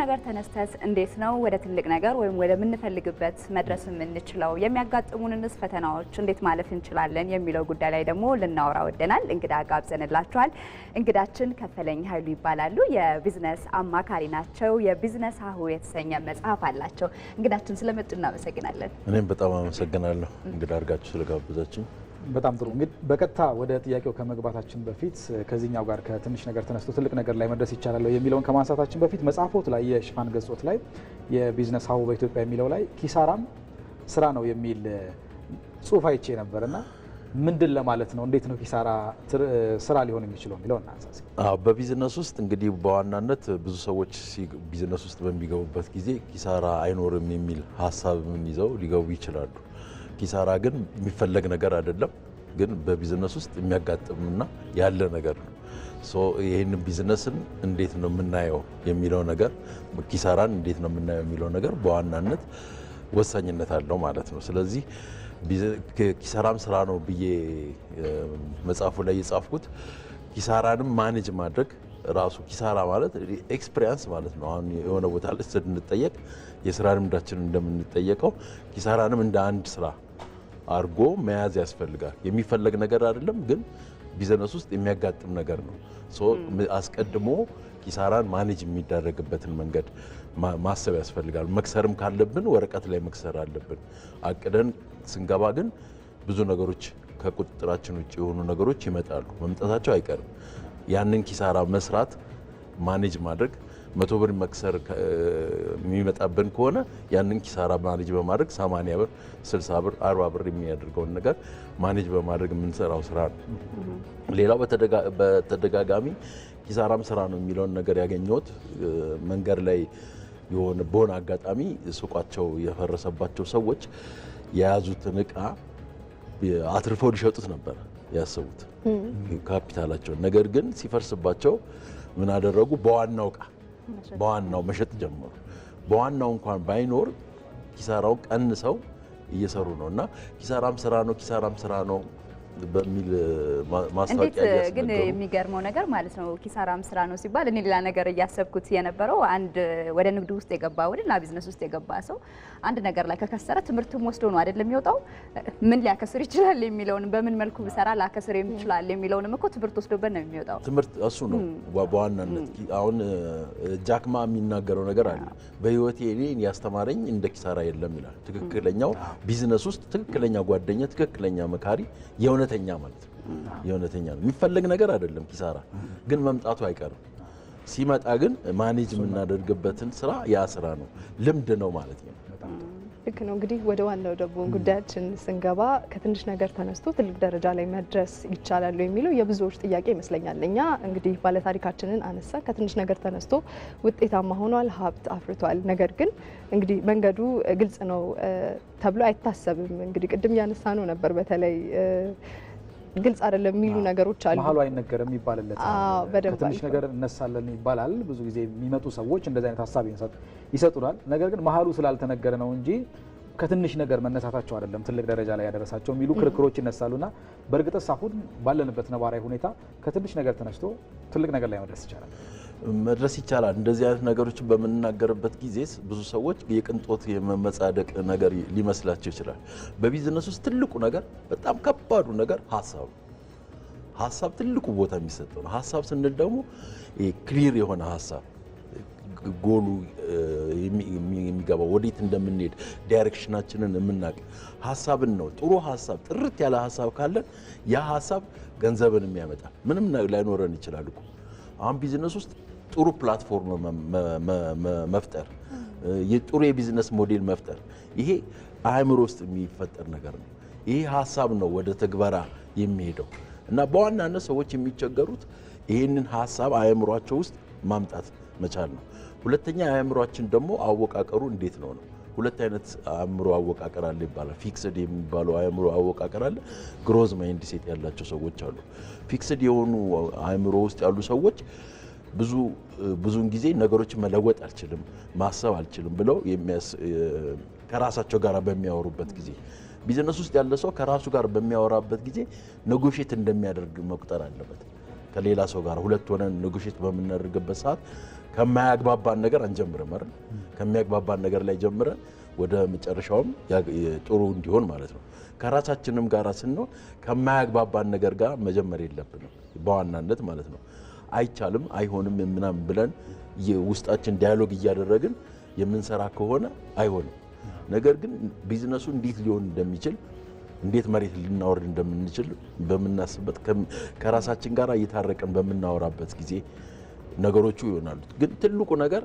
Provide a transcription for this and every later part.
ነገር ተነስተስ እንዴት ነው ወደ ትልቅ ነገር ወይም ወደ ምንፈልግበት መድረስ የምንችለው፣ የሚያጋጥሙንንስ ፈተናዎች እንዴት ማለፍ እንችላለን የሚለው ጉዳይ ላይ ደግሞ ልናወራ ወደናል። እንግዳ ጋብዘንላችኋል። እንግዳችን ከፈለኝ ኃይሉ ይባላሉ። የቢዝነስ አማካሪ ናቸው። የቢዝነስ አሁ የተሰኘ መጽሐፍ አላቸው። እንግዳችን ስለመጡ እናመሰግናለን። እኔም በጣም አመሰግናለሁ እንግዳ አድርጋችሁ ስለጋብዛችሁ በጣም ጥሩ እንግዲህ በቀጥታ ወደ ጥያቄው ከመግባታችን በፊት ከዚህኛው ጋር ከትንሽ ነገር ተነስቶ ትልቅ ነገር ላይ መድረስ ይቻላል የሚለውን ከማንሳታችን በፊት መጽሐፎት ላይ የሽፋን ገጾት ላይ የቢዝነስ ሀቡ በኢትዮጵያ የሚለው ላይ ኪሳራም ስራ ነው የሚል ጽሁፍ አይቼ ነበር እና ምንድን ለማለት ነው? እንዴት ነው ኪሳራ ስራ ሊሆን የሚችለው የሚለው እናንሳ። በቢዝነስ ውስጥ እንግዲህ በዋናነት ብዙ ሰዎች ቢዝነስ ውስጥ በሚገቡበት ጊዜ ኪሳራ አይኖርም የሚል ሀሳብ ይዘው ሊገቡ ይችላሉ። ኪሳራ ግን የሚፈለግ ነገር አይደለም፣ ግን በቢዝነስ ውስጥ የሚያጋጥምና ያለ ነገር ነው። ይህን ቢዝነስን እንዴት ነው የምናየው የሚለው ነገር፣ ኪሳራን እንዴት ነው የምናየው የሚለው ነገር በዋናነት ወሳኝነት አለው ማለት ነው። ስለዚህ ኪሳራም ስራ ነው ብዬ መጽሐፉ ላይ የጻፍኩት ኪሳራንም ማኔጅ ማድረግ ራሱ ኪሳራ ማለት ኤክስፒሪያንስ ማለት ነው። አሁን የሆነ ቦታ ላይ ስንጠየቅ የስራ ልምዳችን እንደምንጠየቀው ኪሳራንም እንደ አንድ ስራ አርጎ መያዝ ያስፈልጋል። የሚፈለግ ነገር አይደለም፣ ግን ቢዝነስ ውስጥ የሚያጋጥም ነገር ነው። አስቀድሞ ኪሳራን ማኔጅ የሚደረግበትን መንገድ ማሰብ ያስፈልጋል። መክሰርም ካለብን ወረቀት ላይ መክሰር አለብን። አቅደን ስንገባ ግን ብዙ ነገሮች ከቁጥጥራችን ውጭ የሆኑ ነገሮች ይመጣሉ። መምጣታቸው አይቀርም። ያንን ኪሳራ መስራት ማኔጅ ማድረግ መቶ ብር መክሰር የሚመጣብን ከሆነ ያንን ኪሳራ ማኔጅ በማድረግ 80 ብር፣ 60 ብር፣ 40 ብር የሚያደርገውን ነገር ማኔጅ በማድረግ የምንሰራው ስራ ነው። ሌላው በተደጋጋሚ ኪሳራም ስራ ነው የሚለውን ነገር ያገኘሁት መንገድ ላይ የሆነ በሆነ አጋጣሚ ሱቋቸው የፈረሰባቸው ሰዎች የያዙትን እቃ አትርፈው ሊሸጡት ነበር ያሰቡት ካፒታላቸውን። ነገር ግን ሲፈርስባቸው ምን አደረጉ? በዋናው እቃ በዋናው መሸጥ ጀመሩ። በዋናው እንኳን ባይኖር ኪሳራው ቀንሰው እየሰሩ ነው እና ኪሳራም ስራ ነው፣ ኪሳራም ስራ ነው በሚል ማስታወቂያ እንዴት ግን የሚገርመው ነገር ማለት ነው ኪሳራም ስራ ነው ሲባል እኔ ሌላ ነገር እያሰብኩት የነበረው አንድ ወደ ንግድ ውስጥ የገባ ወደ ና ቢዝነስ ውስጥ የገባ ሰው አንድ ነገር ላይ ከከሰረ ትምህርትም ወስዶ ነው አይደል የሚወጣው። ምን ሊያከስር ይችላል የሚለውን በምን መልኩ ብሰራ ላከስር ይችላል የሚለውንም እኮ ትምህርት ወስዶበት ነው የሚወጣው። ትምህርት እሱ ነው በዋናነት። አሁን ጃክማ የሚናገረው ነገር አለ። በህይወቴ እኔ ያስተማረኝ እንደ ኪሳራ የለም ይላል። ትክክለኛው ቢዝነስ ውስጥ ትክክለኛ ጓደኛ፣ ትክክለኛ መካሪ የሆነ የእውነተኛ ማለት ነው። የእውነተኛ ነው የሚፈለግ ነገር አይደለም። ኪሳራ ግን መምጣቱ አይቀርም። ሲመጣ ግን ማኔጅ የምናደርግበትን ስራ ያ ስራ ነው፣ ልምድ ነው ማለት ነው። ልክ ነው። እንግዲህ ወደ ዋናው ደግሞ ጉዳያችን ስንገባ ከትንሽ ነገር ተነስቶ ትልቅ ደረጃ ላይ መድረስ ይቻላሉ የሚለው የብዙዎች ጥያቄ ይመስለኛል። እኛ እንግዲህ ባለታሪካችንን አነሳ፣ ከትንሽ ነገር ተነስቶ ውጤታማ ሆኗል፣ ሀብት አፍርቷል። ነገር ግን እንግዲህ መንገዱ ግልጽ ነው ተብሎ አይታሰብም። እንግዲህ ቅድም ያነሳ ነው ነበር በተለይ ግልጽ አይደለም የሚሉ ነገሮች አሉ። መሀሉ አይነገርም ይባልለታል። ትንሽ ነገር እነሳለን ይባላል። ብዙ ጊዜ የሚመጡ ሰዎች እንደዚህ አይነት ሀሳብ ይሰጡናል። ነገር ግን መሀሉ ስላልተነገረ ነው እንጂ ከትንሽ ነገር መነሳታቸው አይደለም ትልቅ ደረጃ ላይ ያደረሳቸው የሚሉ ክርክሮች ይነሳሉና በእርግጥስ አሁን ባለንበት ነባራዊ ሁኔታ ከትንሽ ነገር ተነስቶ ትልቅ ነገር ላይ መድረስ ይቻላል? መድረስ ይቻላል። እንደዚህ አይነት ነገሮችን በምንናገርበት ጊዜ ብዙ ሰዎች የቅንጦት የመመጻደቅ ነገር ሊመስላቸው ይችላል። በቢዝነስ ውስጥ ትልቁ ነገር፣ በጣም ከባዱ ነገር ሀሳብ ሀሳብ ትልቁ ቦታ የሚሰጠው ነው። ሀሳብ ስንል ደግሞ ክሊር የሆነ ሀሳብ ጎሉ የሚገባው ወዴት እንደምንሄድ ዳይሬክሽናችንን የምናውቅ ሀሳብን ነው። ጥሩ ሀሳብ፣ ጥርት ያለ ሀሳብ ካለን ያ ሀሳብ ገንዘብን የሚያመጣል። ምንም ላይኖረን ይችላል እኮ አሁን ቢዝነስ ውስጥ ጥሩ ፕላትፎርም መፍጠር፣ ጥሩ የቢዝነስ ሞዴል መፍጠር፣ ይሄ አእምሮ ውስጥ የሚፈጠር ነገር ነው። ይሄ ሀሳብ ነው ወደ ተግበራ የሚሄደው እና በዋናነት ሰዎች የሚቸገሩት ይህንን ሀሳብ አእምሯቸው ውስጥ ማምጣት መቻል ነው። ሁለተኛ አእምሯችን ደግሞ አወቃቀሩ እንዴት ነው ነው ሁለት አይነት አእምሮ አወቃቀር አለ ይባላል። ፊክስድ የሚባለው አእምሮ አወቃቀር አለ። ግሮዝ ማይንድ ሴት ያላቸው ሰዎች አሉ። ፊክስድ የሆኑ አእምሮ ውስጥ ያሉ ሰዎች ብዙ ብዙውን ጊዜ ነገሮችን መለወጥ አልችልም፣ ማሰብ አልችልም ብለው ከራሳቸው ጋር በሚያወሩበት ጊዜ ቢዝነስ ውስጥ ያለ ሰው ከራሱ ጋር በሚያወራበት ጊዜ ነጎሼት እንደሚያደርግ መቁጠር አለበት። ከሌላ ሰው ጋር ሁለት ሆነን ነጎሼት በምናደርግበት ሰዓት ከማያግባባን ነገር አንጀምርም አይደል? ከሚያግባባን ነገር ላይ ጀምረን ወደ መጨረሻውም ጥሩ እንዲሆን ማለት ነው። ከራሳችንም ጋር ስንሆን ከማያግባባን ነገር ጋር መጀመር የለብንም በዋናነት ማለት ነው። አይቻልም፣ አይሆንም ምናምን ብለን ውስጣችን ዳያሎግ እያደረግን የምንሰራ ከሆነ አይሆንም። ነገር ግን ቢዝነሱ እንዴት ሊሆን እንደሚችል እንዴት መሬት ልናወርድ እንደምንችል በምናስበት ከራሳችን ጋር እየታረቀን በምናወራበት ጊዜ ነገሮቹ ይሆናሉ። ግን ትልቁ ነገር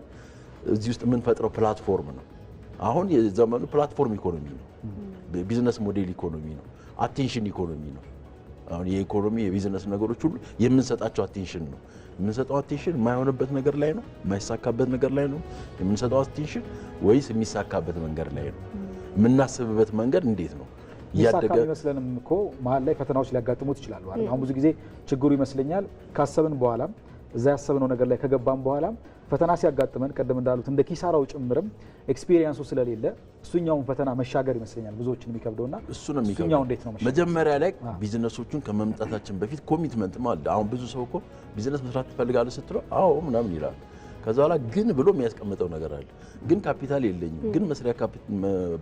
እዚህ ውስጥ የምንፈጥረው ፕላትፎርም ነው። አሁን የዘመኑ ፕላትፎርም ኢኮኖሚ ነው። ቢዝነስ ሞዴል ኢኮኖሚ ነው። አቴንሽን ኢኮኖሚ ነው። አሁን የኢኮኖሚ የቢዝነስ ነገሮች ሁሉ የምንሰጣቸው አቴንሽን ነው። የምንሰጠው አቴንሽን የማይሆንበት ነገር ላይ ነው፣ የማይሳካበት ነገር ላይ ነው የምንሰጠው አቴንሽን ወይስ የሚሳካበት መንገድ ላይ ነው? የምናስብበት መንገድ እንዴት ነው? እያደገ ይመስለንም እኮ መሀል ላይ ፈተናዎች ሊያጋጥሙት ይችላሉ። አሁን ብዙ ጊዜ ችግሩ ይመስለኛል ካሰብን በኋላም እዛ ያሰብነው ነገር ላይ ከገባም በኋላ ፈተና ሲያጋጥመን ቀደም እንዳሉት እንደ ኪሳራው ጭምርም ኤክስፒሪየንሱ ስለሌለ እሱኛውን ፈተና መሻገር ይመስለኛል ብዙዎችን የሚከብደውና እሱ ነው የሚከብደው። እንዴት ነው መጀመሪያ ላይ ቢዝነሶቹን ከመምጣታችን በፊት ኮሚትመንት ማለት አሁን ብዙ ሰው እኮ ቢዝነስ መስራት ትፈልጋለህ ስትለው አዎ ምናምን ይላል። ከዛ በኋላ ግን ብሎ የሚያስቀምጠው ነገር አለ። ግን ካፒታል የለኝም፣ ግን መስሪያ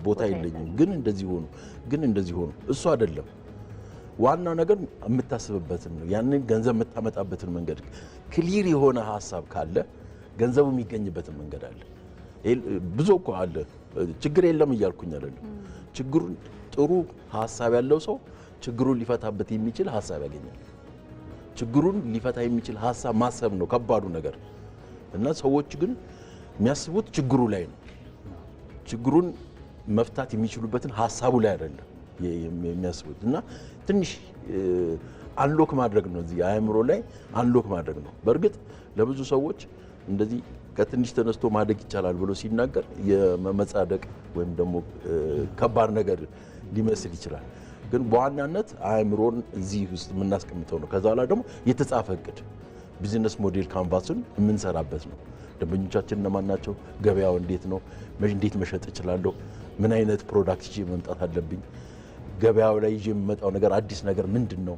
ቦታ የለኝም፣ ግን እንደዚህ ሆኑ፣ ግን እንደዚህ ሆኑ። እሱ አይደለም ዋናው ነገር የምታስብበትን ነው። ያንን ገንዘብ የምታመጣበትን መንገድ ክሊር የሆነ ሀሳብ ካለ ገንዘቡ የሚገኝበትን መንገድ አለ። ብዙ እኮ አለ። ችግር የለም እያልኩኝ አይደለም። ችግሩ ጥሩ ሀሳብ ያለው ሰው ችግሩን ሊፈታበት የሚችል ሀሳብ ያገኛል። ችግሩን ሊፈታ የሚችል ሀሳብ ማሰብ ነው ከባዱ ነገር እና ሰዎች ግን የሚያስቡት ችግሩ ላይ ነው። ችግሩን መፍታት የሚችሉበትን ሀሳቡ ላይ አይደለም የሚያስቡት እና ትንሽ አንሎክ ማድረግ ነው። እዚህ አእምሮ ላይ አንሎክ ማድረግ ነው። በእርግጥ ለብዙ ሰዎች እንደዚህ ከትንሽ ተነስቶ ማደግ ይቻላል ብሎ ሲናገር የመመጻደቅ ወይም ደግሞ ከባድ ነገር ሊመስል ይችላል። ግን በዋናነት አእምሮን እዚህ ውስጥ የምናስቀምጠው ነው። ከዛ በኋላ ደግሞ የተጻፈ እቅድ ቢዝነስ ሞዴል ካንቫሱን የምንሰራበት ነው። ደንበኞቻችን እነማን ናቸው? ገበያው እንዴት ነው? እንዴት መሸጥ እችላለሁ? ምን አይነት ፕሮዳክት ይዤ መምጣት አለብኝ? ገበያው ላይ ይዤ የምመጣው ነገር አዲስ ነገር ምንድን ነው?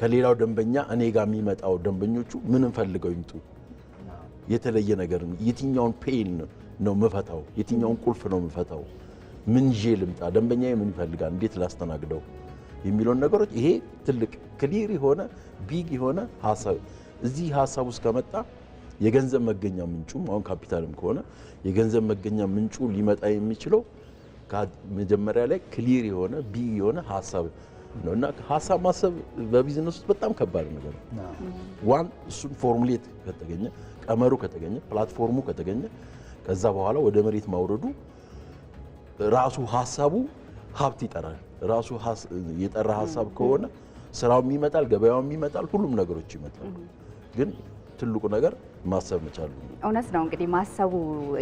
ከሌላው ደንበኛ እኔ ጋር የሚመጣው ደንበኞቹ ምን ፈልገው ይምጡ፣ የተለየ ነገር የትኛውን ፔን ነው ምፈታው፣ የትኛውን ቁልፍ ነው ምፈታው፣ ምን ይዤ ልምጣ፣ ደንበኛ ምን ይፈልጋል፣ እንዴት ላስተናግደው የሚለውን ነገሮች ይሄ ትልቅ ክሊር የሆነ ቢግ የሆነ ሀሳብ እዚህ ሀሳብ ውስጥ ከመጣ የገንዘብ መገኛ ምንጩም አሁን ካፒታልም ከሆነ የገንዘብ መገኛ ምንጩ ሊመጣ የሚችለው መጀመሪያ ላይ ክሊር የሆነ ቢግ የሆነ ሀሳብ ነው እና ሀሳብ ማሰብ በቢዝነስ ውስጥ በጣም ከባድ ነገር ነው። ዋን እሱን ፎርሙሌት ከተገኘ ቀመሩ ከተገኘ ፕላትፎርሙ ከተገኘ ከዛ በኋላ ወደ መሬት ማውረዱ ራሱ ሀሳቡ ሀብት ይጠራል። ራሱ የጠራ ሀሳብ ከሆነ ስራውም ይመጣል፣ ገበያውም ይመጣል፣ ሁሉም ነገሮች ይመጣሉ። ግን ትልቁ ነገር ማሰብ መቻሉ እውነት ነው። እንግዲህ ማሰቡ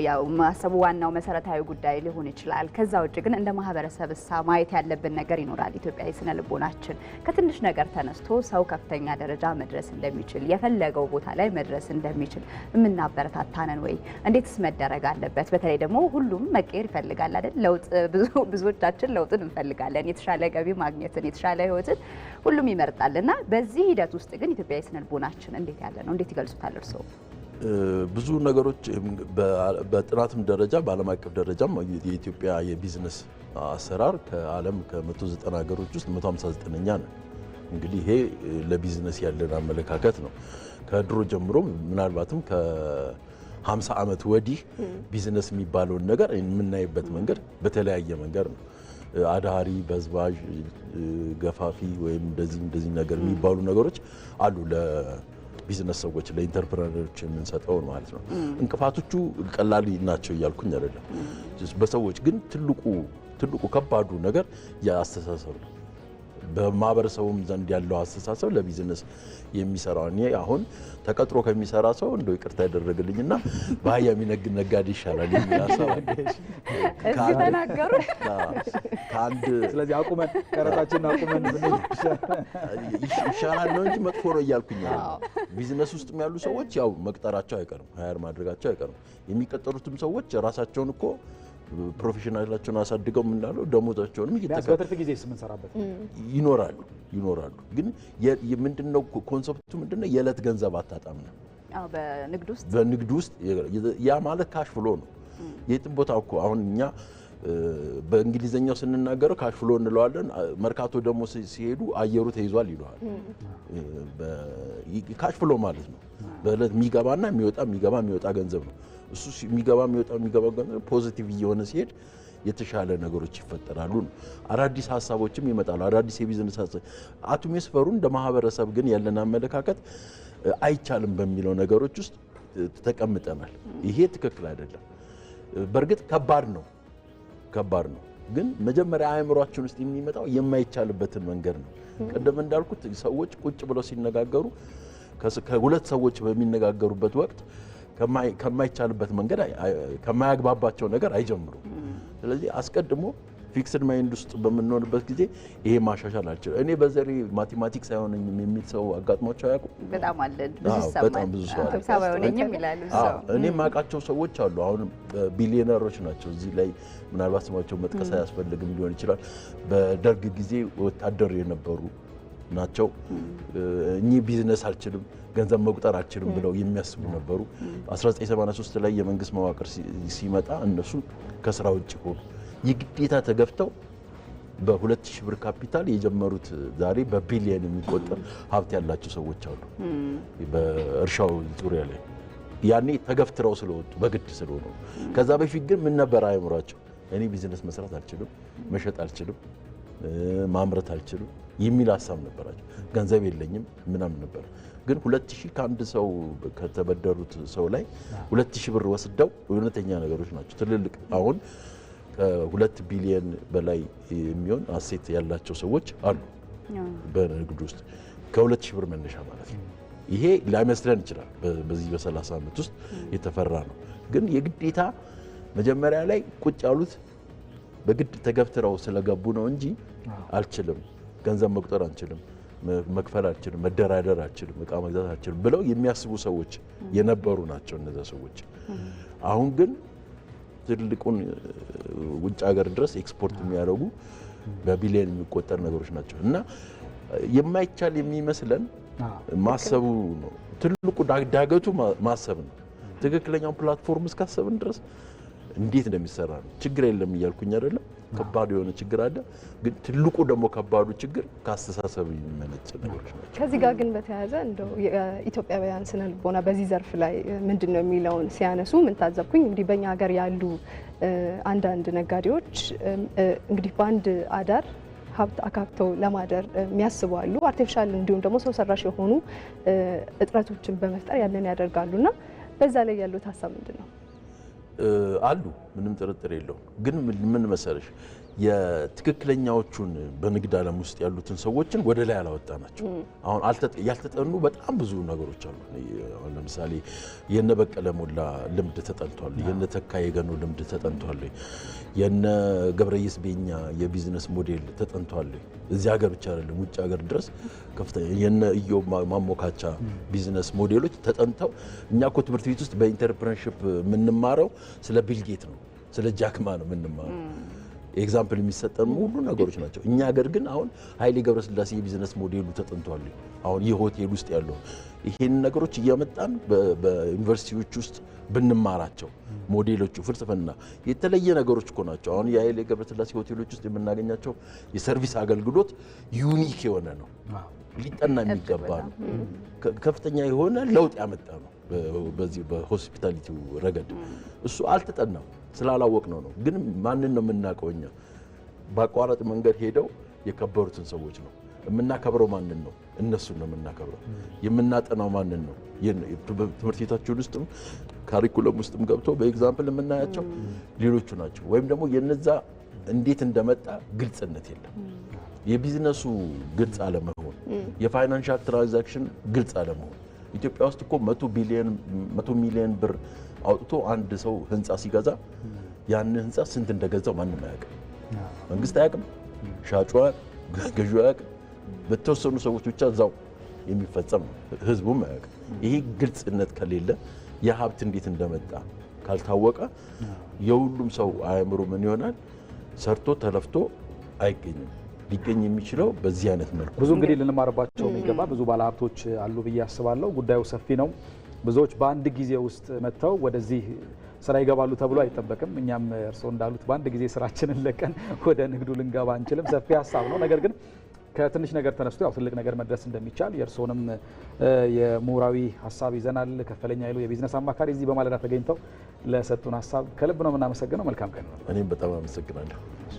ያው ማሰቡ ዋናው መሰረታዊ ጉዳይ ሊሆን ይችላል። ከዛ ውጭ ግን እንደ ማህበረሰብ እሳ ማየት ያለብን ነገር ይኖራል። ኢትዮጵያዊ ስነ ልቦናችን ከትንሽ ነገር ተነስቶ ሰው ከፍተኛ ደረጃ መድረስ እንደሚችል የፈለገው ቦታ ላይ መድረስ እንደሚችል የምናበረታታነን ወይ? እንዴትስ መደረግ አለበት? በተለይ ደግሞ ሁሉም መቀየር ይፈልጋል አይደል? ለውጥ ብዙዎቻችን ለውጥን እንፈልጋለን፣ የተሻለ ገቢ ማግኘትን፣ የተሻለ ህይወትን ሁሉም ይመርጣልና በዚህ ሂደት ውስጥ ግን ኢትዮጵያ ስነ ልቦናችን እንዴት ያለ ነው? እንዴት ይገልጹታል እርስዎ? ብዙ ነገሮች በጥናትም ደረጃ በዓለም አቀፍ ደረጃም የኢትዮጵያ የቢዝነስ አሰራር ከዓለም ከ190 ሀገሮች ውስጥ 159ኛ ነው። እንግዲህ ይሄ ለቢዝነስ ያለን አመለካከት ነው። ከድሮ ጀምሮ ምናልባትም ከ50 ዓመት ወዲህ ቢዝነስ የሚባለውን ነገር የምናይበት መንገድ በተለያየ መንገድ ነው። አዳሪ፣ በዝባዥ፣ ገፋፊ ወይም እንደዚህ እንደዚህ ነገር የሚባሉ ነገሮች አሉ ለቢዝነስ ሰዎች ለኢንተርፕረነሮች የምንሰጠውን ማለት ነው። እንቅፋቶቹ ቀላል ናቸው እያልኩኝ አይደለም። በሰዎች ግን ትልቁ ትልቁ ከባዱ ነገር የአስተሳሰብ ነው። በማህበረሰቡም ዘንድ ያለው አስተሳሰብ ለቢዝነስ የሚሰራው እኔ አሁን ተቀጥሮ ከሚሰራ ሰው እንደው ይቅርታ ያደረግልኝና በአህያ የሚነግድ ነጋዴ ይሻላል የሚል ሀሳብ ከአንድ ስለዚህ አቁመን ቀረጣችን አቁመን ይሻላል ነው እንጂ መጥፎ ነው እያልኩኝ ቢዝነስ ውስጥ ያሉ ሰዎች ያው መቅጠራቸው አይቀርም፣ ሀያር ማድረጋቸው አይቀርም። የሚቀጠሩትም ሰዎች ራሳቸውን እኮ ፕሮፌሽናላቸውን አሳድገው የምናለው ደሞዛቸውንም በትርፍ ጊዜ የምንሰራበት ይኖራሉ ይኖራሉ። ግን ምንድነው ኮንሰፕቱ ምንድነው? የዕለት ገንዘብ አታጣም ነው በንግድ ውስጥ ያ ማለት ካሽ ፍሎ ነው። የትም ቦታ እኮ አሁን እኛ በእንግሊዝኛው ስንናገረው ካሽ ፍሎ እንለዋለን። መርካቶ ደግሞ ሲሄዱ አየሩ ተይዟል ይለዋል። ካሽ ፍሎ ማለት ነው በዕለት የሚገባና የሚወጣ የሚገባ የሚወጣ ገንዘብ ነው። እሱ የሚገባ የሚወጣ የሚገባ ፖዚቲቭ እየሆነ ሲሄድ የተሻለ ነገሮች ይፈጠራሉ። አዳዲስ ሀሳቦችም ይመጣሉ። አዳዲስ የቢዝነስ ሀሳብ አቱሜስ ፈሩ እንደ ማህበረሰብ ግን ያለን አመለካከት አይቻልም በሚለው ነገሮች ውስጥ ተቀምጠናል። ይሄ ትክክል አይደለም። በእርግጥ ከባድ ነው፣ ከባድ ነው። ግን መጀመሪያ አእምሯችን ውስጥ የሚመጣው የማይቻልበትን መንገድ ነው። ቀደም እንዳልኩት ሰዎች ቁጭ ብለው ሲነጋገሩ ከሁለት ሰዎች በሚነጋገሩበት ወቅት ከማይቻልበት መንገድ ከማያግባባቸው ነገር አይጀምሩም። ስለዚህ አስቀድሞ ፊክስድ ማይንድ ውስጥ በምንሆንበት ጊዜ ይሄ ማሻሻል አልችል እኔ በዘሬ ማቴማቲክስ አይሆነኝም የሚል ሰው አጋጥሟቸው አያውቁም? በጣም ብዙ ሰው እኔ የማውቃቸው ሰዎች አሉ። አሁን ቢሊዮነሮች ናቸው። እዚህ ላይ ምናልባት ስማቸው መጥቀስ አያስፈልግም ሊሆን ይችላል። በደርግ ጊዜ ወታደር የነበሩ ናቸው። እኚህ ቢዝነስ አልችልም፣ ገንዘብ መቁጠር አልችልም ብለው የሚያስቡ ነበሩ። 1983 ላይ የመንግስት መዋቅር ሲመጣ እነሱ ከስራ ውጭ ሆኑ። የግዴታ ተገፍተው በ2000 ብር ካፒታል የጀመሩት ዛሬ በቢሊየን የሚቆጠር ሀብት ያላቸው ሰዎች አሉ። በእርሻው ዙሪያ ላይ ያኔ ተገፍትረው ስለወጡ በግድ ስለሆኑ፣ ከዛ በፊት ግን ምን ነበር አእምሯቸው? እኔ ቢዝነስ መስራት አልችልም፣ መሸጥ አልችልም፣ ማምረት አልችልም የሚል ሀሳብ ነበራቸው። ገንዘብ የለኝም ምናምን ነበር። ግን ሁለት ሺህ ከአንድ ሰው ከተበደሩት ሰው ላይ ሁለት ሺህ ብር ወስደው እውነተኛ ነገሮች ናቸው። ትልልቅ አሁን ከሁለት ቢሊየን በላይ የሚሆን አሴት ያላቸው ሰዎች አሉ በንግድ ውስጥ ከሁለት ሺህ ብር መነሻ ማለት ነው። ይሄ ላይመስለን ይችላል። በዚህ በሰላሳ ዓመት ውስጥ የተፈራ ነው። ግን የግዴታ መጀመሪያ ላይ ቁጭ ያሉት በግድ ተገፍትረው ስለገቡ ነው እንጂ አልችልም ገንዘብ መቁጠር አንችልም፣ መክፈል አንችልም፣ መደራደር አንችልም፣ እቃ መግዛት አንችልም ብለው የሚያስቡ ሰዎች የነበሩ ናቸው። እነዚያ ሰዎች አሁን ግን ትልቁን ውጭ ሀገር ድረስ ኤክስፖርት የሚያደርጉ በቢሊየን የሚቆጠር ነገሮች ናቸው እና የማይቻል የሚመስለን ማሰቡ ነው። ትልቁ ዳገቱ ማሰብ ነው። ትክክለኛውን ፕላትፎርም እስካሰብን ድረስ እንዴት እንደሚሰራ ነው። ችግር የለም እያልኩኝ አይደለም ከባድ የሆነ ችግር አለ። ግን ትልቁ ደግሞ ከባዱ ችግር ከአስተሳሰብ የሚመነጭ ነገሮች ናቸው። ከዚህ ጋር ግን በተያያዘ እንደው የኢትዮጵያውያን ስነ ልቦና በዚህ ዘርፍ ላይ ምንድን ነው የሚለውን ሲያነሱ ምን ታዘብኩኝ? እንግዲህ በእኛ ሀገር ያሉ አንዳንድ ነጋዴዎች እንግዲህ በአንድ አዳር ሀብት አካብተው ለማደር የሚያስቡ አሉ። አርቲፊሻል እንዲሁም ደግሞ ሰው ሰራሽ የሆኑ እጥረቶችን በመፍጠር ያንን ያደርጋሉና በዛ ላይ ያሉት ሀሳብ ምንድን ነው? አሉ፣ ምንም ጥርጥር የለውም። ግን ምን መሰለሽ የትክክለኛዎቹን በንግድ ዓለም ውስጥ ያሉትን ሰዎችን ወደ ላይ አላወጣ ናቸው። አሁን ያልተጠኑ በጣም ብዙ ነገሮች አሉ። ለምሳሌ የነ በቀለ ሞላ ልምድ ተጠንቷል። የነ ተካ የገኑ ልምድ ተጠንቷል። የነ ገብረየስ ቤኛ የቢዝነስ ሞዴል ተጠንቷል። እዚህ ሀገር ብቻ አይደለም ውጭ ሀገር ድረስ ከፍተኛ የነ እዮ ማሞካቻ ቢዝነስ ሞዴሎች ተጠንተው እኛ እኮ ትምህርት ቤት ውስጥ በኢንተርፕረንሺፕ የምንማረው ስለ ቢልጌት ነው፣ ስለ ጃክማ ነው የምንማረው ኤግዛምፕል የሚሰጠን ሁሉ ነገሮች ናቸው። እኛ ሀገር ግን አሁን ኃይሌ ገብረስላሴ የቢዝነስ ሞዴሉ ተጠንቷል። አሁን ይህ ሆቴል ውስጥ ያለው ይህን ነገሮች እያመጣን በዩኒቨርሲቲዎች ውስጥ ብንማራቸው ሞዴሎቹ ፍልስፍና የተለየ ነገሮች እኮ ናቸው። አሁን የኃይሌ ገብረስላሴ ሆቴሎች ውስጥ የምናገኛቸው የሰርቪስ አገልግሎት ዩኒክ የሆነ ነው፣ ሊጠና የሚገባ ነው። ከፍተኛ የሆነ ለውጥ ያመጣ ነው በዚህ በሆስፒታሊቲው ረገድ እሱ አልተጠናም። ስላላወቅ ነው ነው። ግን ማንን ነው የምናውቀው እኛ? በአቋራጭ መንገድ ሄደው የከበሩትን ሰዎች ነው የምናከብረው። ማንን ነው? እነሱ ነው የምናከብረው። የምናጠናው ማንን ነው? ትምህርት ቤታችን ውስጥም ካሪኩለም ውስጥም ገብቶ በኤግዛምፕል የምናያቸው ሌሎቹ ናቸው። ወይም ደግሞ የነዛ እንዴት እንደመጣ ግልጽነት የለም። የቢዝነሱ ግልጽ አለመሆን፣ የፋይናንሻል ትራንዛክሽን ግልጽ አለመሆን ኢትዮጵያ ውስጥ እኮ መቶ ቢሊዮን መቶ ሚሊዮን ብር አውጥቶ አንድ ሰው ህንፃ ሲገዛ ያን ህንፃ ስንት እንደገዛው ማንም አያውቅም። መንግስት አያውቅም፣ ሻጩ አያውቅም፣ ገዢ አያውቅም። በተወሰኑ ሰዎች ብቻ እዛው የሚፈጸም ነው፣ ህዝቡም አያውቅም። ይሄ ግልጽነት ከሌለ የሀብት እንዴት እንደመጣ ካልታወቀ የሁሉም ሰው አእምሮ ምን ይሆናል? ሰርቶ ተለፍቶ አይገኝም። ሊገኝ የሚችለው በዚህ አይነት መልኩ። ብዙ እንግዲህ ልንማርባቸው የሚገባ ብዙ ባለሀብቶች አሉ ብዬ አስባለሁ። ጉዳዩ ሰፊ ነው። ብዙዎች በአንድ ጊዜ ውስጥ መጥተው ወደዚህ ስራ ይገባሉ ተብሎ አይጠበቅም። እኛም እርስዎ እንዳሉት በአንድ ጊዜ ስራችንን ለቀን ወደ ንግዱ ልንገባ አንችልም። ሰፊ ሀሳብ ነው። ነገር ግን ከትንሽ ነገር ተነስቶ ያው ትልቅ ነገር መድረስ እንደሚቻል የእርስዎንም የምሁራዊ ሀሳብ ይዘናል። ከፈለኛ ኃይሉ የቢዝነስ አማካሪ እዚህ በማለዳ ተገኝተው ለሰጡን ሀሳብ ከልብ ነው የምናመሰግነው። መልካም ቀን። እኔም በጣም አመሰግናለሁ።